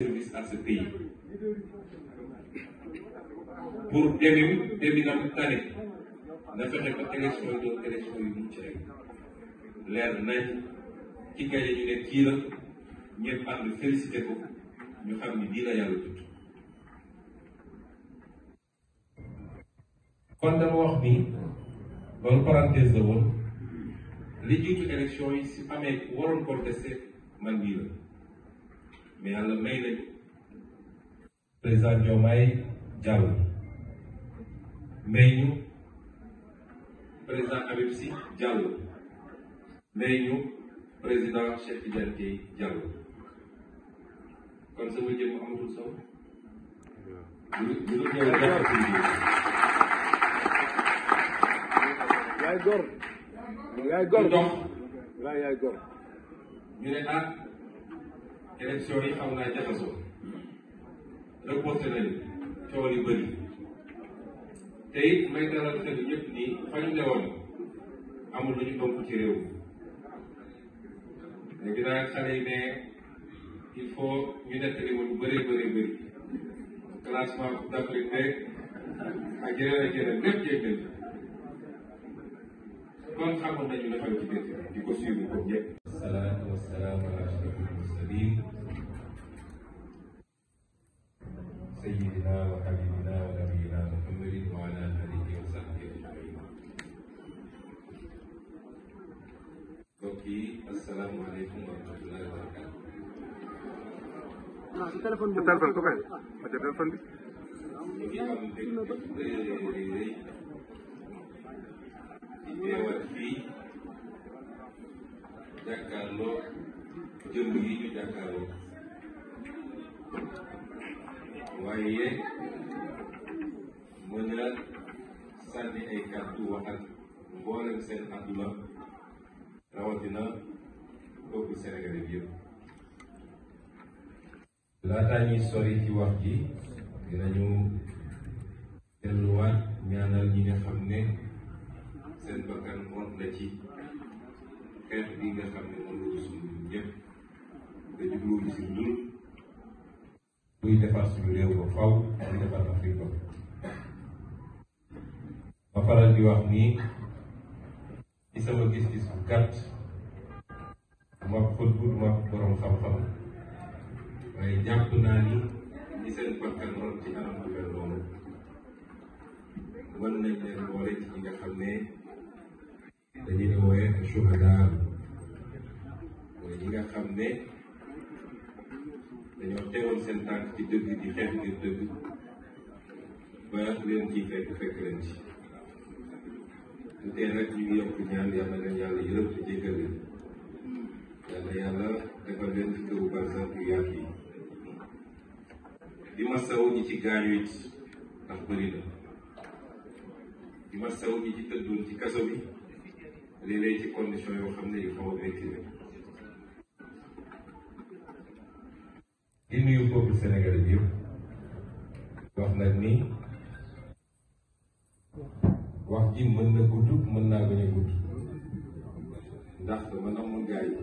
service à pour début début na fexe ba élection yi doon élection yu mucc rek leer nañ ci gañe ñu ne kii la ñëpp ànd félicité ko ñu xam ni lii la yàlla tudd kon dama wax ni loolu parenthèse la woon li jiitu élection yi si amee waroon contesté man mii la mais yàlla may nañu président Diomaye Diallo may ñu président Habib Sy Diallo may ñu président Cheikh Tidiane Dièye Diallo kon sama jëm gor yaay gor élection yi xaw naa jaxasoo reporté nañu coow bëri te it may dalal xel ñëpp nii fa ñu newoon amul lu ñu ëmb ci réew mi xale ne il faut ñu nettali ma lu bëree bëree bëri classement Coupe d'Afrique beeg ak yeneen ak yeneen lépp jéeg nañu kon xamoon nañu ne xew ci biir di ko suivre والصلاة والسلام على أشرف المرسلين سيدنا وحبيبنا ونبينا محمد وعلى آله وصحبه أجمعين السلام عليكم ورحمة الله وبركاته التلفون التلفون التلفون jëfandoo jëmm yi ñu jàkkaarloo waaye mën a sànni ay kàddu wax mboolem seen àdduna rawatina boppu Sénégalais bi yëpp laataa ñuy sori ci wax ji dinañu delluwaat ñaanal ñi nga xam ne seen bakkan mot na ci xeet bi nga xam ne moom lañu suñu yëpp te jubluwul si ñun muy defar suñu réew ba faw muy defar Afrique ba faral di wax nii ci sama gis-gis bu gàtt ma xut bu ma borom xam-xam waaye jàpp naa ni ñi seen bakkan ron ci anam bu mel noonu mën nañ leen boole ci dañu ne wooyee shuhadaa mooy ñi nga xam ne dañoo teewoon seen tànk ci dëgg di xeex ngir dëgg ba leen ci fekk fekk leen ci su tee nag ñu yokk ñaan yàlla leen yàlla yërëm te jéggal leen yàlla yàlla defal leen ci këru barzak yu yaatu yi di masaw ñi ci gaañu it ndax bëri na di masaw ñi ci tëddoon ci kaso bi léeg ci condition yoo xam ne yu xaw a métti la di nuyu bi yëpp wax nag ni wax ji mën na gudd mën naa bañ a gudd ndax dama namoon gaa yi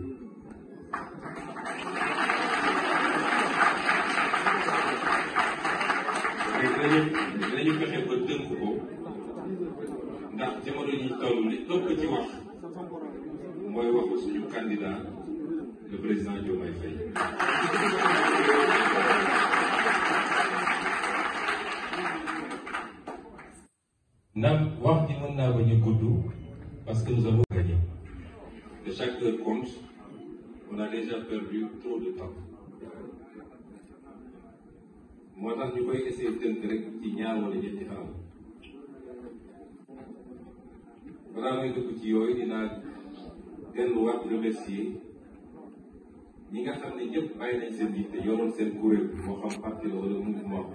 dinañu fexe ba tënk ko ndax jamono yi toll li ëpp ci wax mooy waxu suñu candidat le président Diomaye Faye ndax wax ji mën naa bañ a gudd parce que nous avons gagné de chaque heure compte on moo tax ñu koy essayer tënk ci ñaar wala ñetti xaal balaa may dugg ci yooyu dinaa delluwaat remercier ñi nga xam ne ñëpp bàyyi nañ seen yitte yoroon seen kuréel moo xam parti la wala mouvement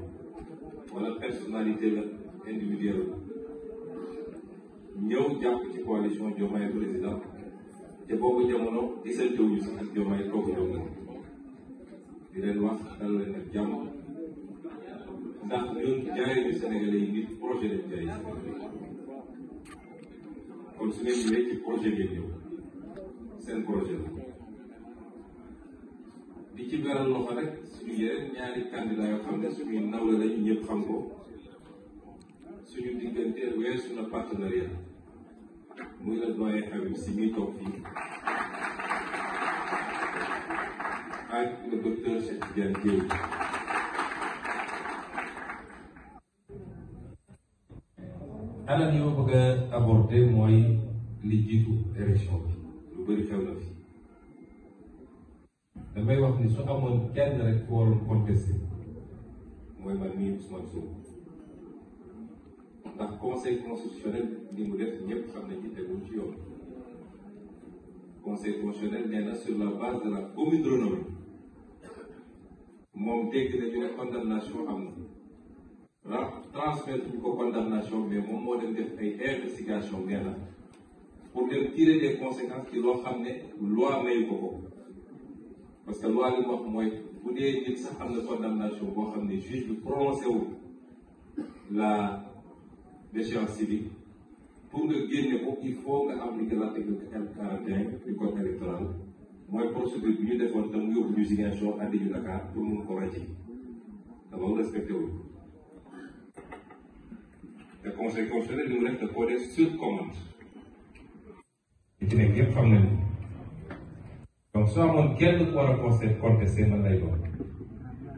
wala personnalité la individuelle ñëw jàpp ci coalition Diomaye président te boobu jamono gisantewuñu sax ak Diomaye toog ñoom wax dal leen ak jàmm ndax ñun jaayuñu Sénégalais yi nit projet lañ jaay kon su ngeen ñëwee ci projet bi ñëw seen projet la di ci beral loxo rek suñu yeneen ñaari candidat yoo xam ne suñuy nawle lañu ñëpp xam ko suñu diggante weesu na partenariat muy la doyen Habib si ñuy toog fii ak le docteur Cheikh Tidiane Dièye anam yi ma bëgg a mooy li jiitu élection bi lu na fi wax ni su amoon kenn rek ku waroon contesté mooy man mii Ousmane Sonko ndax conseil constitutionnel li mu def ñëpp xam nañ ci tegul ci yoon conseil na sur la base de la commune renommée moom dégg nañu ne condamnation am transmettre une condamnation mais moom moo dem def ay investigation pour dem tirer des conséquences qui loo xam loi mayu ko parce que loi il mu wax vous bu dee nit sax am na condamnation boo xam ne juge bi prononcé la déchéance civique pour le génne il faut nga appliquer l'article L41 du code électoral mooy procédure bi ñu defoon te mu yóbbu ñu Ziguinchor andi ñu Dakar pour nous corriger. wàcce te loolu respecté le conseil constitutionnel nous reste de coder sur commande. ci nekk yëpp xam nañu donc soo amoon kenn ku war a conseil contesté man lay doon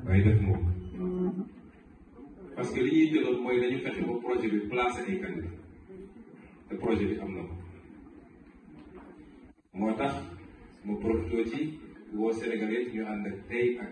waaye def moom parce que li ñuy jëloon mooy dañu fexe ba projet bi placé ay candidat te projet bi am na ko moo tax mu profité ci woo Sénégalais ñu ànd ak tey ak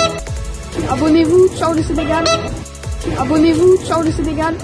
Abonnez-vous, ciao le Sénégal Abonnez-vous, ciao le Sénégal